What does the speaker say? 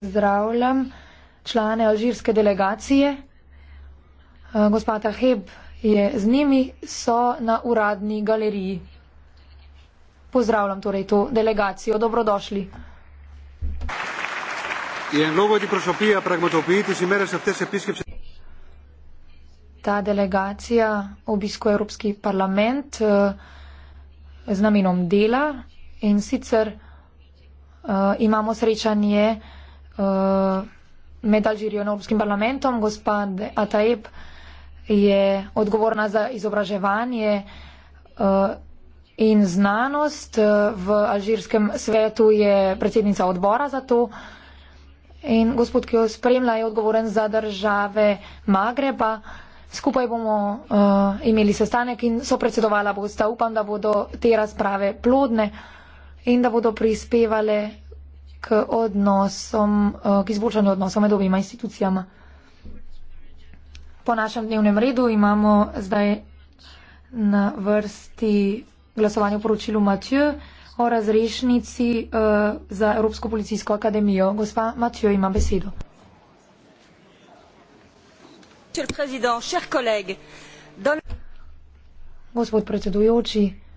pozdravljam člane alžirske delegacije. Eh, Gospata Heb je z njimi, so na uradni galeriji. Pozdravljam torej to delegacijo, dobrodošli. Ta delegacija obiskuje Evropski parlament eh, z namenom dela in sicer uh, imamo srečanje uh, Eh, med Alžirijo in Evropskim parlamentom. Gospa Ataeb je odgovorna za izobraževanje uh, in znanost. Eh, v Alžirskem svetu je predsednica odbora za to. In gospod, ki jo spremlja, je odgovoren za države Magreba. Skupaj bomo uh, imeli sestanek in so predsedovala bosta. Upam, da bodo te razprave plodne in da bodo prispevale k odnosom, eh, k izboljšanju odnosov med obima institucijama. Po našem dnevnem redu imamo zdaj na vrsti glasovanje v poročilu Matjo o razrešnici eh, za Evropsko policijsko akademijo. Gospa Matjo ima besedo. Gospod predsedujoči,